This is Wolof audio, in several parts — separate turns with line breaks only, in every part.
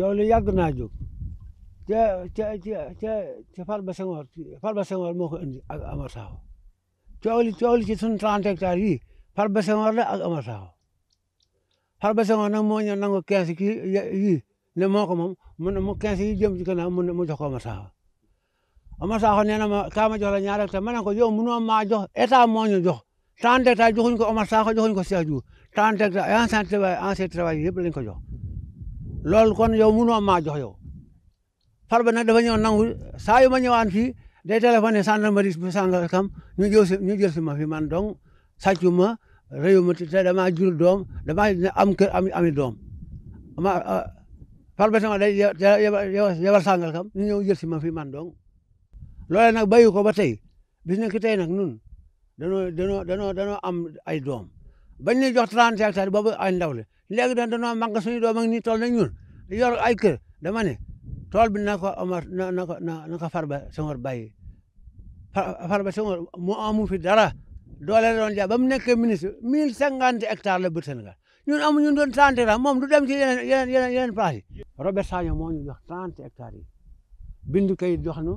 coow li yàgg naa jóg ca ca ca ca Farba Senghor Farba Senghor moo ko indi ak Amar Sakho coow li coow li ci sunu 30 hectares yii Farba Senghor la ak Amar Sakho Farba Senghor nag moo ñëw nangu 15 kii ne moo ko moom mu ne mu 15 yi jëm ci kanam mu ne mu jox ko Amar Sakho Amar Sakho nee na ma kaa ma jox la ñaar hectares ma ne ko yow mënoo maa jox état moo ñu jox 30 hectares joxuñ ko Amar Sakho joxuñ ko Cheikh Diouf 30 hectares ancien travail ancien travail yëpp lañ ko jox loolu kon yow mënoo maa jox yow Farba nag dafa ñëw nangu saa yu ma ñëwaan fii day téléphoné gendarmerie bi sàngal kam ñu jël si ñu ma fi man donc sàccu ma réyu ma te damaa jur doom damaa am ami doom ma ah, Farba sama day yebal sàngal kam ñu ñëw jël si ma fi man donc loolee nag bayu ko ba tey bis nekk tey nag nun danoo danoo danoo am ay doom bañ ñuy jox 30 hectares boobu ay ndaw la léegi da dañoo màgg suñu doom ak nii tool nañ ñun yor ay kër dama ne tool bi na ko Omar na na ko na ko Farba Senghor bàyyi Farba Senghor mu amu fi dara doole la doon jaay ba mu nekkee ministre 1050 hectares la bët Sénégal ñun amuñu doon 30 hectares moom du dem ci yeneen yeneen yeneen yeneen place yi. Robert Sagna moo ñu jox 30 hectares yi bindu kay jox nu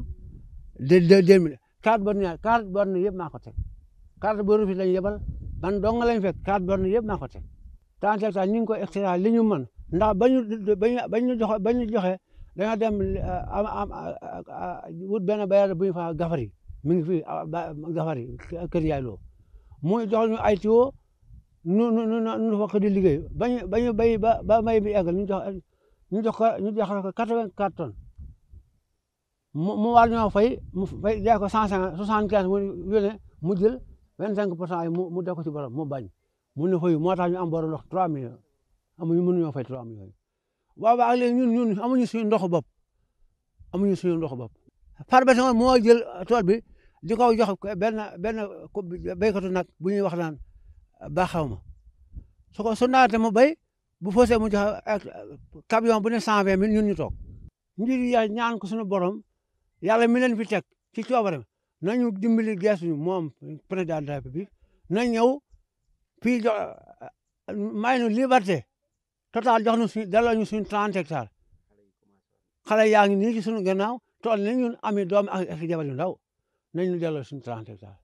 de de deux mille carte borne carte borne yëpp maa ko teg carte borne fi lañ yebal. man dong lañ fekk quatre bornes yëpp maa ko teg tant hectares ñu ngi ko extra li ñu man ndax ba ñu ba ñu joxe ba ñu joxe dañoo dem ah, am am ah, wut benn béykat bu ñu faa gafari mi ngi fi ah, gafari kër yaay loo muy jox ñu ay tuyaux nu nu nu nu fa ko di liggéey ba ñu ba ñu béy ba ba mbéy bi eggal ñu jox ñu jox ko ñu jox ko quatre vingt quatre tonnes mu mu war ñoo fay mu fay jaay ko cent cinquante soixante quinze mu yónnee vingt cinq pour cent yi mu mu def ko ci borom mu bañ mu ne xëy moo tax ñu am borom ndox trois millions amuñu mënuñoo fay trois millions yi boobaa ak léegi ñun ñun amuñu suñu ndoxu bopp amuñu suñu ndoxu bopp Farba Senghor moo jël tool bi di ko jox benn benn béykatu nag bu ñuy wax naan baaxaw ma su ko su naatee bu fose mu jox camion bu ne cent vingt mille ñun ñu toog. ngir ya ñaan ko suñu borom yàlla mi leen fi teg ci nañu dimbali gestu ñu moom président de la république na ñëw fii jox may nu liberté total jox nu suñu delloo ñu suñu 30 hectares xale yaa ngi nii ci suñu gannaaw tool nañ ñun amee doom ak jabar yu ndaw nañ ñu delloo suñu 30 hectares